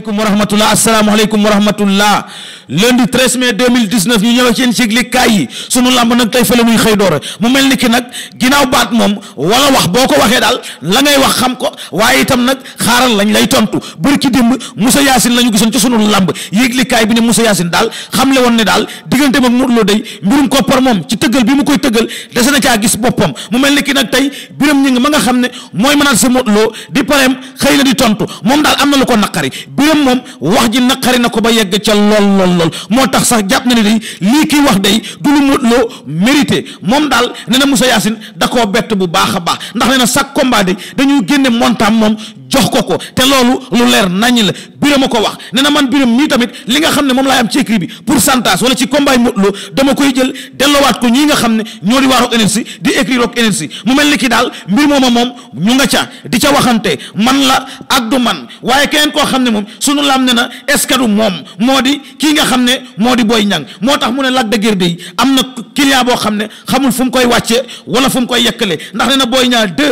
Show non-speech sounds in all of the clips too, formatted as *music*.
asalaamaaleykum wa rahmatullah asalaamaaleykum wa rahmatullah lundi 13 mai 2019 ñu ñëw ak yéen ci yëglekaay yi sunu làmb nag tey fa la muy xëy doore mu mel ni ki nag ginnaaw baat moom wala wax boo ko waxee daal la ngay wax xam ko waaye itam nag xaaral lañ lay tontu bër ki démb Moussa Yacine la ñu gisoon ci sunu làmb yëglekaay bi ne Moussa Yacine daal xam xamle woon ne daal diggante mag Modou Lo day mbirum koppar moom ci tëggal bi mu koy tëggal dese na caa gis boppam mu mel ni ki nag tey biram ñi ma nga xam ne mooy mënaat sa Modou Lo di pareem xëy na di tontu moom daal am na lu ko naqari mbiram moom wax ji naqari na ko ba yegg ca lool lool lool moo tax sax jàpp na ne day lii kii wax day du lu mu Lo mérité moom daal ne na Moussa Yacine da koo bett bu baax a baax ndax nee na chaque combat day dañuy génne montam moom jox ko ko te loolu lu leer nañ la biram a ko wax ne na man biram mii tamit li nga xam ne moom laay am ci écrit bi pourcentage wala ci combat Modou Lo dama koy jël delloowaat ko ñii nga xam ne ñoo di waa Rock Énergie di écrit Rock Énergie mu mel ni ki daal mbir mooma moom ñu nga ca di ca waxante man la ak du man waaye keneen koo xam ne moom sunu lam ne na est-ce que du moom moo di kii nga xam ne moo di booy Niang moo tax mu ne Lac de Guiers am na client boo xam ne xamul fu mu koy wàcce wala fu mu koy yekkale ndax na Boy Niang 2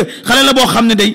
la boo xam ne day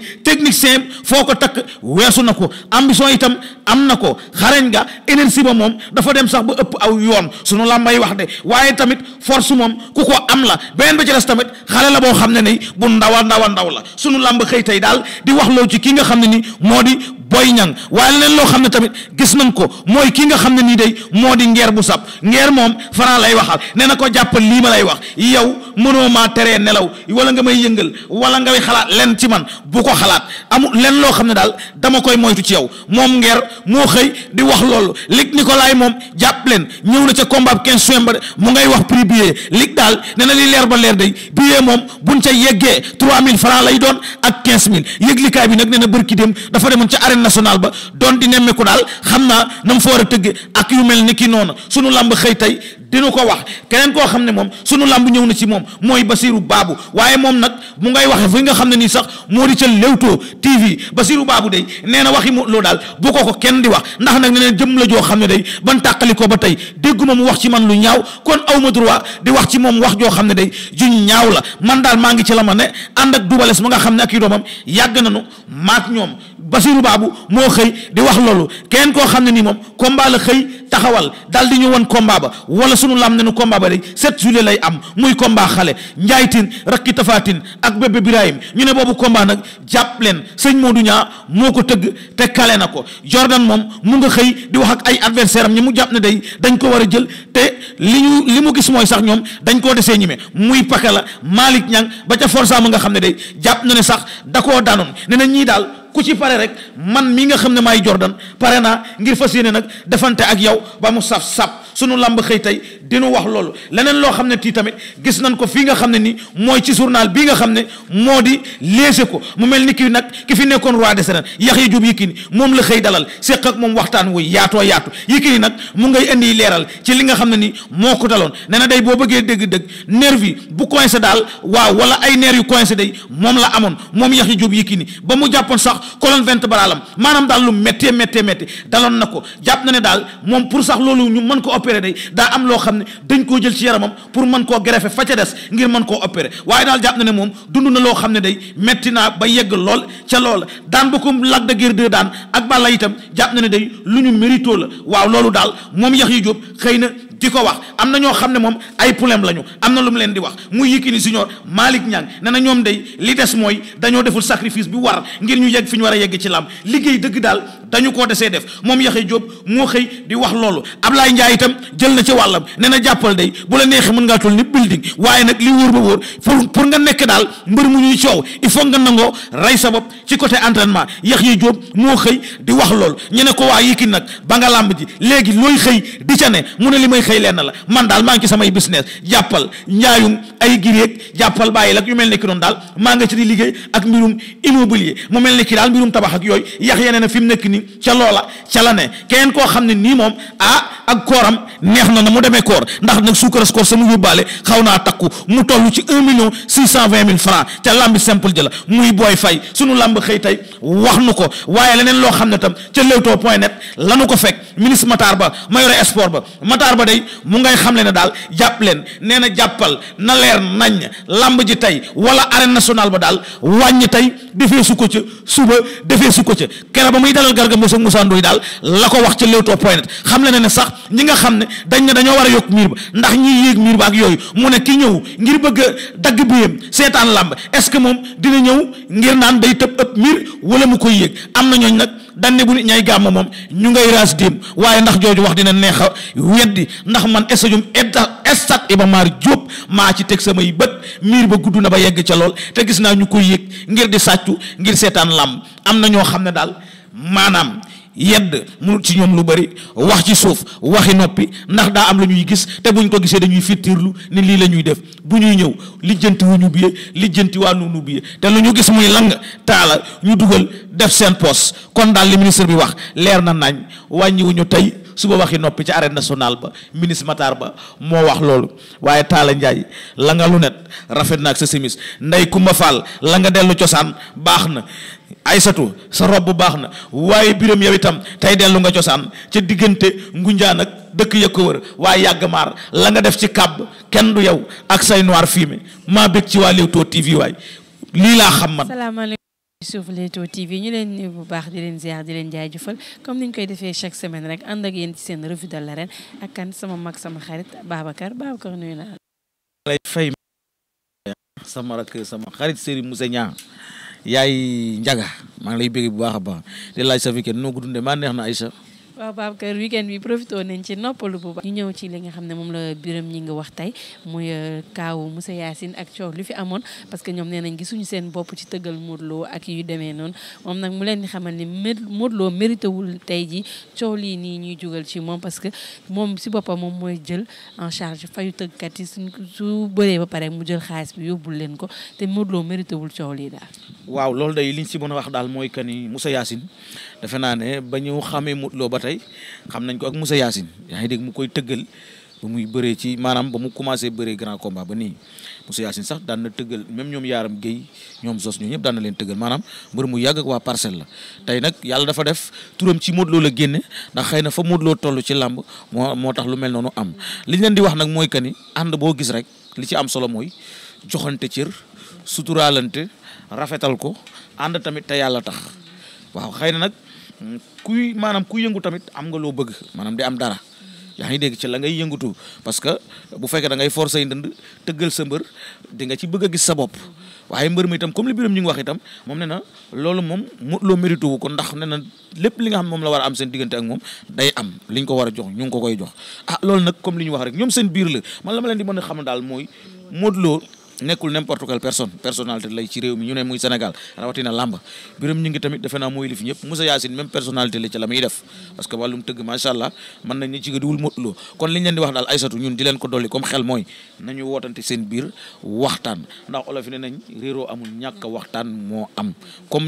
ko takk weesu na ko ambition itam am na ko xarañ ga énergie ba moom dafa dem sax ba ëpp aw yoon sunu làmbay wax de waaye tamit force moom ku ko am la beneen ba ci des tamit xale la boo xam ne ni bu ndaw a ndaw la ndaw la sunu làmb xëy tey daal di wax loo ci ki nga xam ne ni moo di Boy Niang waaye leen loo xam ne tamit gis nañ ko mooy ki nga xam ne nii day moo di ngeer bu sab ngeer moom Franc lay waxal nee na ko jàppal lii ma lay wax yow mënoo maa teree nelaw wala nga may yëngal wala ngay xalaat len ci man bu ko xalaat amul lenn loo xam ne daal dama koy moytu ci yow moom ngeer moo xëy di wax loolu lig Nicolas moom jàpp leen ñëw na ca combat 15 juin mu ngay wax prix billet lig daal nee na li leer ba leer day billet moom buñ ca yeggee 3000 francs lay doon ak 15000 yëglikaay bi nag nee na arène nationale ba doon di nemmeeku daal xam naa na mu fa war a tëgg ak yu mel ni kii noonu sunu làmb xëy tey dinu ko wax keneen koo xam ne moom sunu làmb ñëw na ci moom mooy Basirou Babou waaye moom nag mu ngay wax fi nga xam ne nii sax moo di ca Leewtoo TV Basirou baabu dey nee na waxi Modou Lo daal bu ko ko kenn di wax ndax nag ne neen jëm la joo xam ne day ban tàqali ko ba tey dégguma mu wax ci man lu ñaaw kon aw ma droit di wax ci moom wax joo xam ne day juñ ñaaw la man daal maa ngi ci la ma ne ànd ak dubales ma nga xam ne ak i doomam yàgg nañu maak ñoom Basirou Babou moo xëy di wax loolu keneen koo xam ne nii moom combat la xëy taxawal daal di ñu won combat ba wala suñu lam ne nu combat ba day 7 juillet lay am muy combat xale njaaytin rakki tafaatin ak bébé Birahim ñu ne boobu combat nag jàpp leen sëñ Modou ñaa moo ko tëgg te kale na ko Jordan moom mu nga xëy di wax ak ay adversaire am ñi mu jàpp ne day dañ ko war a jël te li ñu li mu gis mooy sax ñoom dañ koo desee ñime muy paka la Malick Niang ba ca forsa ma nga xam ne day jàpp na ne sax da koo daanoon ne na ñii daal ku ci pare rek man mi nga xam ne maay Jordan pare na ngir fas yéene nag defante ak yow ba mu saf-saf sunu lamb xëy tey dinu wax loolu leneen loo xam ne tii tamit gis nañ ko fi nga xam ne nii mooy ci journal bi nga xam ne moo di léese ko mu mel ni kii nag ki fi nekkoon roi des arènes Yaxya Joob Yékini moom la xëy dalal séq ak moom waxtaan wuy yaatoo yaatu Yékini nag mu ngay indi leeral ci li nga xam ne nii moo ko daloon nee na day boo bëggee dëgg-dëgg nerf yi bu coincé daal waaw wala ay nerf yu coincé day la amoon moom Yaxya Joob Yékini ba mu jàppoon sax colonne vertébrale am maanaam daal lu méttee méttee méttee daloon na ko jàpp na ne daal moom pour sax loolu ñu mën ko opérer opéré daa am loo xam ne dañ koo jël ci yaramam pour man koo greffer fa ca des ngir mën koo opéré waaye daal jàpp na ne moom dund na loo xam ne day metti naa ba yegg lool ca lool daan ba ko Lac de Guiers 2 daan ak Balla itam jàpp na ne day lu ñu mérito la waaw loolu daal moom yax Yaxya Jóob xëy na di ko wax am na ñoo xam ne moom ay problème la ñu am na lu mu leen di wax muy Yékini Junior Malick Niang ne na ñoom day li des mooy dañoo deful sacrifice bi war ngir ñu yegg fi ñu war a yegg ci làmb liggéey dëgg daal dañu koo desee def moom Yaxya Jóob moo xëy di wax loolu Ablaye Njaay itam jël na ca wàllam ne na jàppal day bu la neexee mën ngaa toll ni building waaye nag li wóor ba wóor pour pour nga nekk daal mbër mu ñuy coow il faut nga nangoo rey sa bopp ci côté entraînement Yaxya Jóob moo xëy di wax loolu ñu ne ko waa Yékini nag ba nga làmb ji léegi looy xëy di ca ne mu ne li may xëy lenn la man daal maa ngi ci samay business jàppal njaayum ay giréeg jàppal bàyyi lak yu mel ne ki noonu daal maa nga ci di liggéey ak mbirum mu mel ne ki daal mbirum tabax ak yooyu yax yeneen fi mu nekk nii ni ca loola ca la ne keneen koo xam ne nii moom ah ak kooram neex na na mu demee koor ndax nag suukaras koor sama yóbbaale xaw naa takku mu toll ci un million six cent vingt mille francs ca lambi simple ji la muy booy fay sunu lamb xëy tey wax nu ko waaye leneen loo xam ne tam ca leewtoo point net lanu ko fekk ministre Matar Ba ma yore sport ba Matar Ba day mu ngay xam le ne daal jàpp leen nee na jàppal na leer nañ lamb ji tey wala arène nationale ba daal wàññi tey defee su ko ko ca sarga mosog Moussa Ndoye daal la ko wax ci Leewtoo point net xam le ne ne sax ñi nga xam ne dañ ne dañoo war a yokk miir ba ndax ñiy yéeg miir ba ak yooyu mu ne ki ñëw ngir bëgg dagg biyam seetaan làmb est-ce que moom dina ñëw ngir naan day tëb miir wala mu koy yéeg am na ñooñ nag danne bu nit ñay moom ñu ngay raas déem waaye ndax jooju wax dina neex a weddi ndax man stadium stade Iba Mar Diop maa ci teg samay bët miir ba gudd na ba yegg ca lool te gis naa ñu ko yéeg ngir di sàccu ngir seetaan làmb am na ñoo xam ne daal maanaam yedd munut ci ñoom lu bari wax ci suuf waxi noppi ndax daa am la ñuy gis te buñ ko gisee dañuy fittirlu ni lii la ñuy def bu ñuy ñëw lijjanti wu ñu biyee lijjanti waa nu nu biyee te lu ñu gis muy lang taala ñu dugal def seen poos kon daal li ministre bi wax leer na nañ wàññiwuñu tey suba waxi noppi ci arène nationale ba ministre Matar ba moo wax loolu waaye Talla Ndiaye la nga lu net rafet na ak sa simis ndey Kumba Fall la nga dellu cosaan baax na Aysatu sa robb baax na waaye biram yow itam tey dellu nga cosaan ca diggante ngunjaan ak dëkk ya ko wër waaye yàgg maar la nga def ci kàbb kenn du yow ak say noir fumier maa bëgg ci waa Leewtoo TV waay lii laa xam man suuf Leewtoo TV ñu leen nuyu bu baax di leen ziar di leen jaajëfal comme ni ñu koy defee chaque semaine rek ànd ak yéen ci seen revue de l'arène ak kan sama mag sama xarit Babacar Babacar nuyu naa lay fay sama rakk sama xarit Serigne Moussa Niang yaay njaga maa ngi lay bëgg bu baax a baax di laaj sa fi kenn noo ko dundee maa neex na Aïcha waaw Babacar weekend bi profité nañ ci noppalu bu baax. ñu ñëw ci li xam ne moom la biram ñi nga wax tey muy euh, kaawu Moussa Yacine ak coow lu fi amoon parce que ñoom nee nañ gisuñu seen bopp ci tëggal Modou Lo ak yu demee noonu moom nag mu leen di xamal ni Modou Lo mérité wul tey ji coow lii nii ñuy jugal ci moom parce que moom si boppam moom mooy jël en charge fayu tëggkat yi suñ su bëree ba pare mu jël xaalis bi yóbbul leen ko te Modou Lo mérité wul coow lii daal. waaw loolu day liñ si mën a wax daal mooy que ni Moussa Yacine defe naa ne ba ñu xamee Modou ba tey tey xam nañ ko ak Moussa Yacine yaa ngi dégg mu koy tëggal ba muy bëree ci maanaam ba mu commencé bëree grand combat ba nii Moussa Yacine sax daan na tëggal même ñoom Yaaram Guèye ñoom Zos ñoo ñëpp daan leen tëggal maanaam mbër mu yàgg waa parcelle la tey nag yàlla dafa def turam ci Modou Lo la génne ndax xëy na fa Modou Lo toll ci làmb moo moo tax lu mel noonu am li ñu leen di wax nag mooy que ni ànd boo gis rek li ci am solo mooy joxante cër suturaalante rafetal ko ànd tamit te yàlla tax Hmm, kuy maanam ku yëngu tamit am nga loo bëgg maanaam di am dara yaa ngi dégg ci la ngay yëngatu parce que bu fekkee da ngay forcer ndënd tëggal sa mbër di nga ci bëgg a gis sa bopp waaye mbër mi itam comme li biram ñu ngi wax moom ne na loolu moom loo mérite wu ko ndax ne na lépp li nga xam moom la war am seen diggante ak moom day am liñ ko war a jox ñu ngi ko koy jox ah loolu nag comme li ñu wax rek ñoom seen biir la man la ma leen di mën a xam daal mooy mot loo nekkul n'importe quelle personne personnalité lay ci réew mi ñu ne muy Sénégal rawatina làmb Biram ñu ngi tamit defe naa mooy li fi ñëpp Moussa Yacine personnalité la ci def parce que wàllum tëgg macha allah mën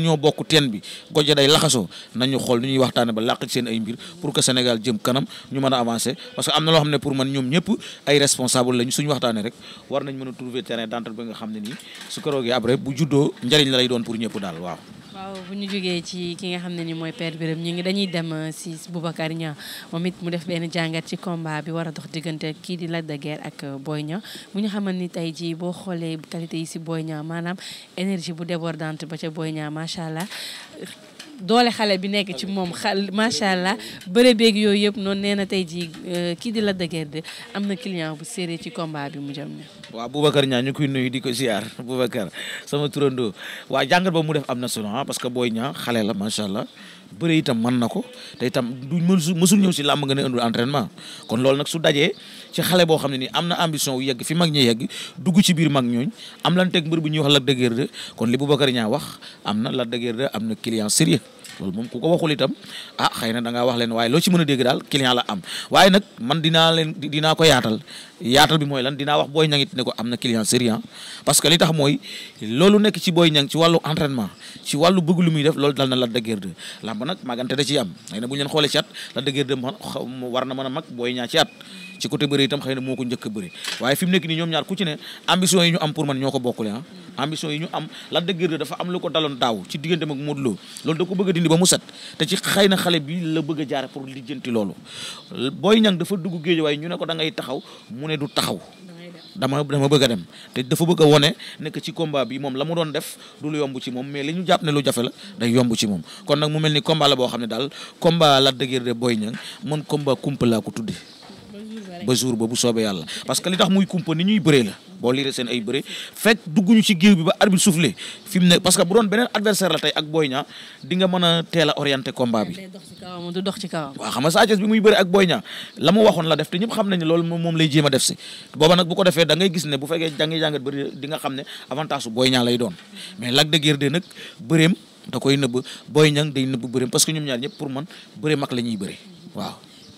ñoo bokk teen bi goje day laxasoo nañu xool nu ñuy waxtaane ba làq ci seen ay mbir pour que Sénégal jëm kanam ñu mën a avancer parce que am na loo xam ne pour man ñoom ñëpp ay responsable lañu suñu waxtaane rek war nañ mën trouver terrain entendre nga xam ne nii su ko roogee après bu juddoo njëriñ la lay doon pour ñëpp daal waaw. waaw bu ñu jógee ci ki nga xam ne ni mooy père Birame ñu ngi dañuy dem euh, si Boubacar Niang moom it mu def benn jàngat ci combat bi war a dox diggante kii di Lac de ak euh, Boy Niang bu ñu xamal ni tey jii boo xoolee qualité yi si Boy Niang maanaam énergie bu débordante ba ca Boy Niang macha allah. doole xale bi nekk ci moom xal macha allah bëre beeg yooyu yëpp noonu nee na tey jii euh, kii di la dëgër de am na client bu séeré ci combat bi mu jëm ne waaw Boubacar ñaa ñu koy nuyu di ko ziar Boubacar sama turandoo waa jàngat ba mu def am na solo ah, parce que booy ñaa xale la macha allah bëre itam mën na ko te itam du mësul ñëw si làmb nga ne andul entraînement kon loolu nag su dajee ci xale boo xam ne nii am na ambition u yegg fi mag ñi yegg dugg ci biir mag ñooñ am lan teg mbër bu ñuy wax Lac de Guiers 2 kon li Boubacar Niang wax am na Lac de Guiers am na client sérieux loolu moom ku ko waxul itam ah xëy na da ngaa wax leen waaye loo ci mën a dégg daal client am waaye nag man dinaa leen dinaa ko yaatal yaatal bi mooy lan dinaa wax booy Niang it ne ko am na client sérieux ah parce que li tax mooy loolu nekk ci Boy Niang ci wàllu entraînement ci wàllu bëgg lu muy def loolu daal na Lac de Guiers 2 lamb nag magante da ci am xëy na bu ñu leen xoolee ci at Lac war na mën a mag Boy Niang at ci côté bëri itam xëy na moo ko njëkk a bëri waaye fi mu nekk nii ñoom ñaar ku ci ne ambition yi ñu am pour man ko bokkule ah ambition yi ñu am Lac de Guiers dafa am lu ko daloon daaw ci diggante mag Modou Lo loolu da ko bëgg a dindi ba mu xëy na xale bi la bëgg a jaare pour lijjanti loolu Boy Niang dafa dugg géej waaye ñu ne ko da ngay taxaw mu ne du taxaw dama dama bëgg dem te dafa bëgg a wone nekk ci combat bii moom la mu doon def du lu yomb ci moom mais li ñu jàpp ne lu jafe la day yomb ci moom kon nag mu mel ni combat la boo xam ne daal combat Lac de Guiers de Boy Niang man combat kumpa laa ko tudde ba jour boobu soobee yàlla parce que li tax muy kumpa ñuy bëree la boo liiree seen ay bëree fekk dugguñu ci géew bi ba arbitre soufflé fi mu ne parce que bu doon beneen adversaire la tey ak Boy Niang di mën a teel a orienté combat bi du dox ci kawam waaw xam nga Sa Thiès bi muy bëri ak Boy Niang la mu waxoon la def te ñëpp xam nañu loolu moom lay jéem a def si booba nag bu ko defee da ngay gis ne bu fekkee da ngay jàngat xam ne avantage Boy Niang lay doon mais Lac de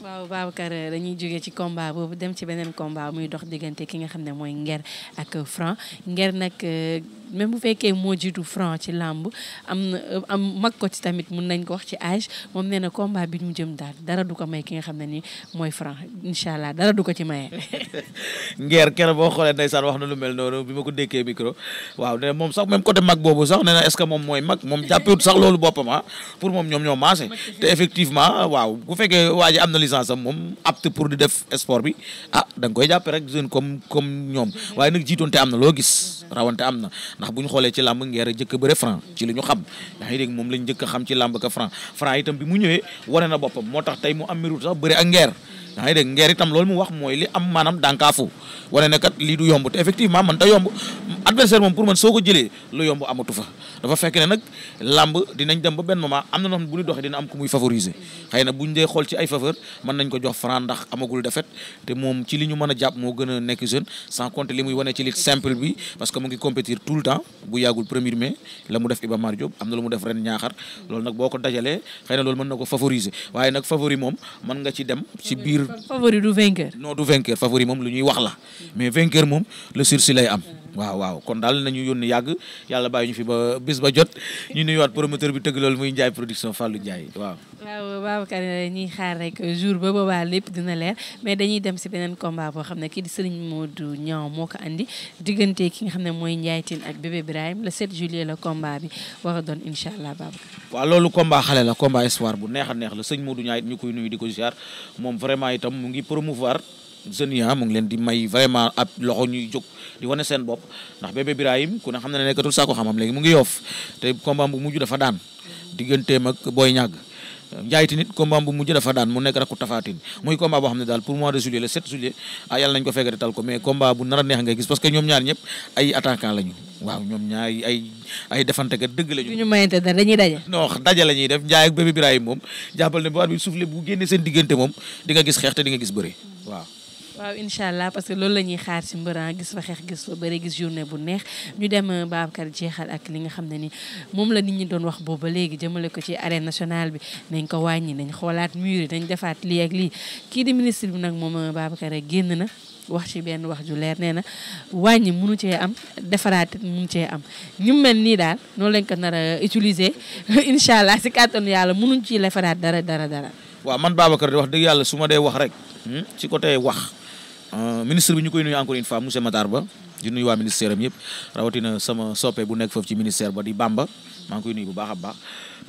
waaw Babacar dañuy jógee ci combat boobu dem ci beneen combat muy dox diggante ki nga xam ne mooy Nguer ak Franc Nguer nag. même bu fekkee moo jiitu franc ci làmb am na am mag ko ci tamit mun nañ ko wax ci âge moom nee na combat bi ñu jëm daal dara du ko may ki nga xam ne ni mooy franc incha allah dara du ko ci maye. *laughs* Nguer keroog boo xoolee ndeysaan wax na lu mel noonu bi ma ko dékkee micro waaw ne moom sax même côté mag boobu sax nee na est ce que moom mooy mag moom jàppewut sax loolu boppam ah. pour moom ñoom ñoo maase te effectivement waaw bu fekkee waa ji am na licence moom apte pour di def sport bi ah da koy jàppe rek jeune comme comme ñoom mm-hmm. waaye nag jiitoon am na loo gis rawante am na. ndax bu ñu xoolee ci làmb ngeer jëkk bëre franc ci li ñu xam yaa ngi dégg moom lañ njëkk xam ci làmb ka franc franc itam bi mu ñëwee wane na boppam moo tax tey mu am mérite sax bëre ak ngeer yaa ngi dégg ngeer itam loolu mu wax mooy li am maanaam dànkaafu wane ne kat lii yomb te effectivement man ta yomb adversaire moom pour man soo ko jëlee lu yomb amatu fa dafa fekk ne nag làmb dinañ dem ba benn moment am na noo xam bu ñu am ku muy favoriser xëy na buñ dee xool ci ay faveur mën nañ ko jox franc ndax defet te moom ci li ñu mën a jàpp moo gën nekk jeune sans compter li muy wane ci lit simple bi parce mu ngi compétir tout le temps bu yàggul premier mai la mu def Iba am na lu mu def ren ñaaxar loolu nag boo ko dajalee xëy na loolu mën na ko favoriser waaye nag favori moom mën nga ci dem ci biir favori du vainqueur non du vainqueur favori moom lu ñuy wax la mais vainqueur moom le sursis lay am waaw waaw kon daal nañu yónni yàgg yàlla bàyyi ñu fi ba bis ba jot ñu nuyuwaat promoteur bi tëgg loolu muy Ndiaye production Fallou Ndiaye waaw. waaw Babacar ñuy xaar rek jour ba boobaa lépp dina leer mais dañuy dem si beneen combat boo xam ne kii di Serigne Modou Niang moo ko andi diggante ki nga xam ne mooy Ndiaye Tine ak bébé Ibrahim le 7 juillet la combat bi war a doon incha allah Babacar. waaw loolu combat xale la combat espoir bu neex a neex la sëñ Modou Niang it ñu koy nuyu di ko ziar moom vraiment itam mu ngi promouvoir. jeunes yi ah mu ngi leen di may vraiment ab loxo ñuy jóg di wane seen bopp ndax bébé Birahim ku ne xam ne ne nekkatul saako xamam léegi mu ngi yoof te combat bu mujj dafa daan digganteem ak booy ñàgg njaayiti nit combat bu mujj dafa daan mu nekk rakku tafaatin muy de juillet ah nar a neex ngay gis parce que ñoom ñaar ñëpp ay attaquant lañu waaw ñoom ñaar ay defante kat dëgg lañu. ñu mayante dañuy daje. non daje la def Ndiaye ak bébé moom jàppal ne bu war bi suufle bu génnee seen diggante moom di nga gis xeex di nga gis bëre waaw incha allah parce que loolu la ñuy xaar ci mbëran ah, gis fa xeex gis fa bëre gis journée bu neex ñu dem euh, Babacar jeexal ak li nga xam ne ni moom la nit ñi doon wax booba léegi jëmale ko ci arène nationale bi nañ ko wàññi nañ xoolaat mur yi nañ defaat lii ak lii kii di ministre bi nag moom euh, Babacar génn na wax ci benn wax ju leer nee na wàññi munu cee am defaraat munu cee am ñu mel nii daal noonu lañ ko nar utiliser *laughs* incha allah si kàttanu yàlla munuñ ci defaraat dara dara dara. waaw man Babacar di wax dëgg yàlla su ma wax rek. Hmm, ci côté wax. Euh, ministre bi ñu koy nuyu encore une fois monsieur Matar Ba di nuyu waa ministère am yëpp rawatina sama soppe bu nekk foofu ci ministère ba di Bamba maa ngi koy nuyu bu baax a baax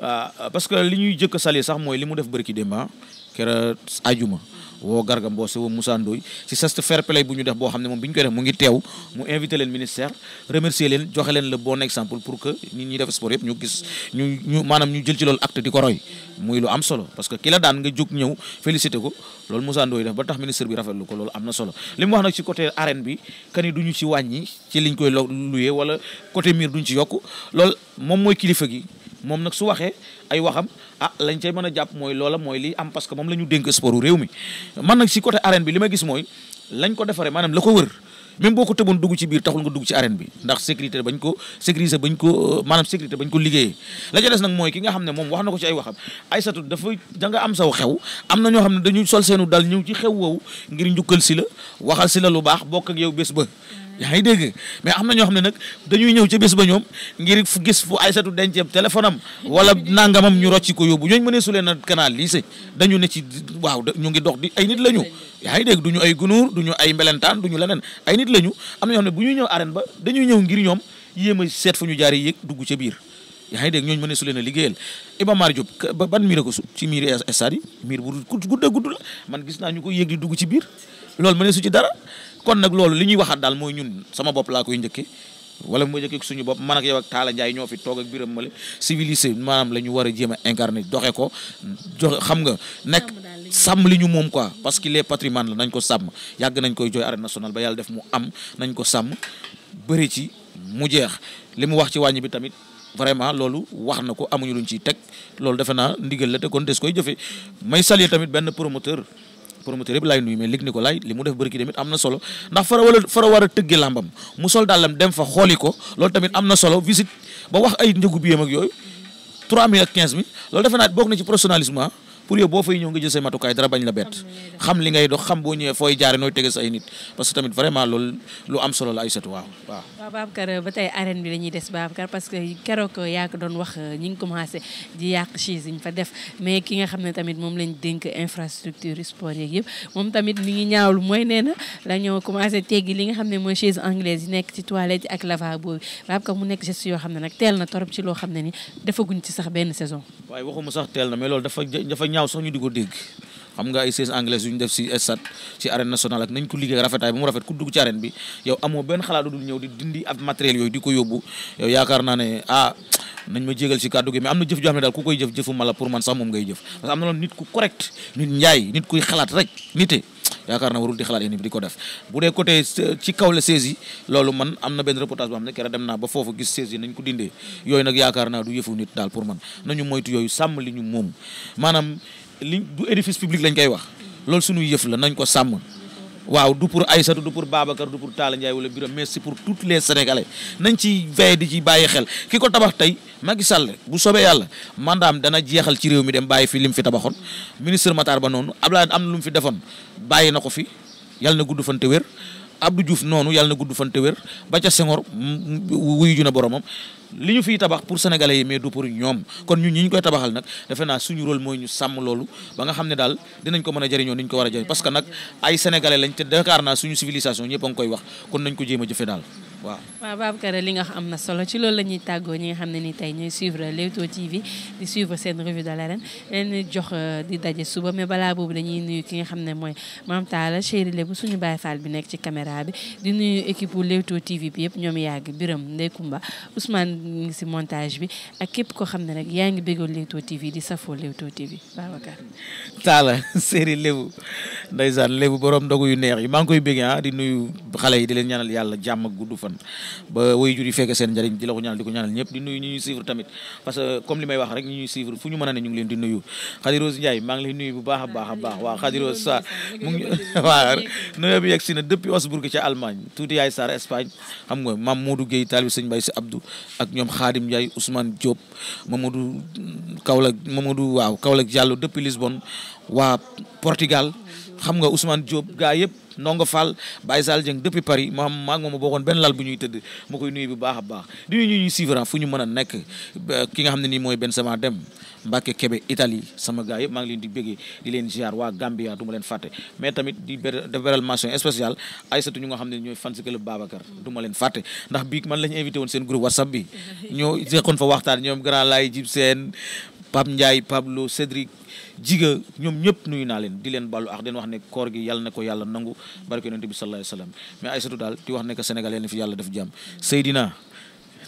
euh, parce que li ñuy jëkk a sax mooy li mu def bërki démba kera ajuma woo Garga Mbossé woo Moussa Ndoye si sest fair play bu ñu def boo xam ne moom bi ñu koy def mu ngi teew mu invité leen ministère remercier leen joxe leen le bon exemple pour que nit ñi def sport yëpp ñu gis ñu ñu maanaam ñu jël ci loolu acte di ko roy muy lu am solo parce que ki la daan nga jóg ñëw félicité ko loolu Moussa Ndoye def ba tax ministre bi rafetlu ko loolu am na solo li mu wax nag ci côté arène bi kani duñu ci wàññi ci liñ koy luyee wala côté mur duñ ci yokk loolu moom mooy kilifa gi moom nag su waxee ay waxam a ah, lañ cay mën a jàpp mooy loola mooy li am parce que moom la ñu dénk sportu réew mi man nag si côté arène bi li ma gis mooy lañ ko defaree maanaam la ko wër même boo ko tëboon dugg ci biir taxul nga dugg ci arène bi ndax sécurité bañ ko sécuriser bañ ko euh, maanaam sécurité bañ ko liggéeyee la ca nag mooy ki nga xam ne moom wax na ko ci ay waxam Aysatu dafa da nga am saw xew am na ñoo xam ne dañuy sol seenu dal ñëw ci xew waw ngir njukkal si la waxal si la lu baax bokk ak yow bés ba yaa ngi dégg mais am na ñoo xam ne nag dañuy ñëw ca bés ba ñoom ngir fu gis fu ay Aysatu denceeb téléphone am wala nangamam ñu rocci ko yóbbu ñooñ mënee su leen a canal lii sëñ dañu ne ci waaw ñu ngi dox di ay nit la ñu yaa ngi dégg du ay gunuur du ñu ay mbelentaan du ñu leneen ay nit la ñu am na ñoo bu ñuy ñëw arène ba dañuy ñëw ngir ñoom yéem a seet fu ñu jaare yéeg dugg ca biir yaa ngi dégg ñooñu mënee su leen a liggéeyal Iba ban miir a ko su ci miir stade yi miir bu gudd gudd la man gis naa ñu ko yéeg di dugg ci biir lool loolu ne su ci dara kon nag loolu li ñuy waxaat daal mooy ñun sama bopp laa koy njëkke wala mu njëkke suñu bopp man ak yow ak Talla ñoo fi toog ak biram male civilisé maanaam la ñu war a jéem a incarné doxe ko joxe xam nga nekk sàmm li ñu moom quoi parce que les patrimoine la nañ ko sàmm yàgg nañ koy jooy arène nationale ba yàlla def mu am nañ ko sàmm bëri ci mu jeex li mu wax ci wàññi bi tamit vraiment loolu wax na ko amuñu luñ ciy teg loolu defe naa ndigal la te kon des koy jëfe may saluer tamit benn promoteur promoteur yëpp laay nuyu mais Luc Nicolaï li mu def bërki tamit am na solo ndax fara wala fara war a tëgge làmbam mu sol dàllam dem fa xooli ko loolu tamit am na solo visite ba wax ay njëgu biyam ak yooyu trois mille ak quinze mille loolu defe naa bokk na ci professionnalisme ah. pour yow boo fay ñëw nga jël matukaay dara bañ la bett xam li ngay dox xam boo ñëwee fooy jaare nooy tege say nit parce que tamit vraiment loolu lu am solo la ay waaw waaw waaw euh, ki nga xam ne tamit moom lañ dénk infrastructure sport yeeg yëpp moom li ngi ñaawlu ne mooy chaise anglaise yi nekk ci mu nekk geste yoo xam ne nag teel na torop ci loo xam ne ni defaguñ ci sax benn saison waaye waxuma sax teel na mais loolu dafa ñaaw sax ñu di ko dégg xam nga ay sièges anglais yu ñu def si stade si arène nationale ak nañ ko liggéey rafetaay ba mu rafet ku dugg ci arène yow amoo benn xalaat dul dindi ak matériel yooyu di ko yóbbu yaakaar naa ne ah nañ ma jégal si kàddu gi mais am na jëf joo xam ne daal ku koy jëf jëfu mala pour man sax moom ngay jëf parce que am na loon nit ku correct nit njaay nit kuy xalaat rek nite yaakaar na warul di xalaat yéen bi di ko def bu dee côté ci kaw la saisi loolu man am na benn reportage boo xam ne dem naa ba foofu gis saisi nañ ko dindee yooyu nag yaakaar naa du yëfu nit daal pour man nañu moytu yooyu sàmm li ñu moom maanaam li du édifice public lañ koy wax loolu suñu yëf la nañ ko sàmm waaw du pour Aïssatou du pour Babacar du pour Talla Ndiaye wala Birame mais c'est pour toutes les sénégalais nañ ci veille di ci bàyyi xel ki ko tabax tey Macky Sall bu soobee yàlla mandaam dana jeexal ci réew mi dem bàyyi fi li mu fi tabaxoon ministre Matar ba noonu Abdoulaye am na mu fi defoon bàyyi na ko fi yàlla na gudd fan te wér abdu Diouf noonu yàlla na gudd fan te ba ca Senghor wuyu ju na boromam li ñu fiy tabax pour sénégalais yi mais du pour ñoom kon ñun ñu ñu koy tabaxal nag defe naa suñu rôle mooy ñu sàmm loolu ba nga xam ne daal dinañ ko mën a jëriñoo ni ñu ko war a jëriñ parce que nag ay sénégalais lañ te Dakar naa suñu civilisation ñëpp a koy wax kon nañ ko jéem a jëfe daal waaw waaw Babacar li nga xam am na solo ci loolu la ñuy tàggoo ñi nga xam ne ni tey ñooy suivre Leewtoo TV di suivre seen revue de l'arène jox euh, di daje suba mais balaa boobu dañuy nuyu ki nga xam ne mooy Mame Talla Chéri Lébou suñu Baye Fall bi nekk ci caméra bi di nuyu équipe Leewtoo TV bi yëpp ñoom yàgg Biram Ndey Kumba Ousmane ngi si montage bi ak képp ko xam ne rek yaa ngi béggoon Leewtoo TV di safoo Leewtoo TV Babacar Talla Chéri Lébou ndeysaan Lébou borom yu neex yi maa ngi koy bégg ah di nuyu xale yi di leen ñaanal yàlla jàmm ak gudd fan ñaan ba way jur yi fekkee seen njëriñ di ñaanal di ñëpp di nuyu ñi ñuy suivre tamit parce que comme li may wax rek ñi ñuy suivre fu ñu mën a ne ñu ngi leen di nuyu Khady Rose Ndiaye maa ngi lay nuyu bu baax a baax a baax waaw Khady Rose Sarr mu ngi *laughs* waaw nuyoo bi yegg si na depuis Osbourg ca Allemagne tuuti yaay Sarr Espagne xam nga Mame Modou Guèye taalibi sëñ Baye si Abdou ak ñoom Khadim Ndiaye Ousmane Diop Mamadou Kaolack Mamadou waaw Kaolack Diallo depuis Lisbonne waa Portugal xam nga Ousmane Diop gaa yëpp Ndongo Fall Baye Sall Dieng depuis Paris ma am a ngi moom bokkoon benn lal bu ñuy tëdd ma koy nuyu bu baax a baax di ñuy suivre fu ñu mën a nekk ki nga xam ne nii mooy benn sama dem Mbacke Kebe Italie sama gars yëpp maa leen di bëggee di leen ziar waa Gambia du ma leen fàtte mais tamit di beral mention spéciale ma leen fàtte ndax bii man la ñu seen groupe WhatsApp bi ñoo jékkoon fa waxtaan ñoom grand laay jib seen Pape Pablo Cédric jiga ñoom ñëpp nuyu naa leen di leen bàllu ak den wax ne koor gi yàlla na ko yàlla nangu barke yonent bi sallallahu alayhi wasallam mais Aïssatou daal di wax ne que Sénégal yéen fi yàlla def jàmm Seydina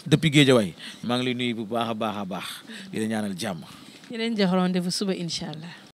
depuis Guédiawaye maa ngi lay nuyu bu baax a baax a baax di la ñaanal jàmm. di leen jox rendez-vous suba incha allah.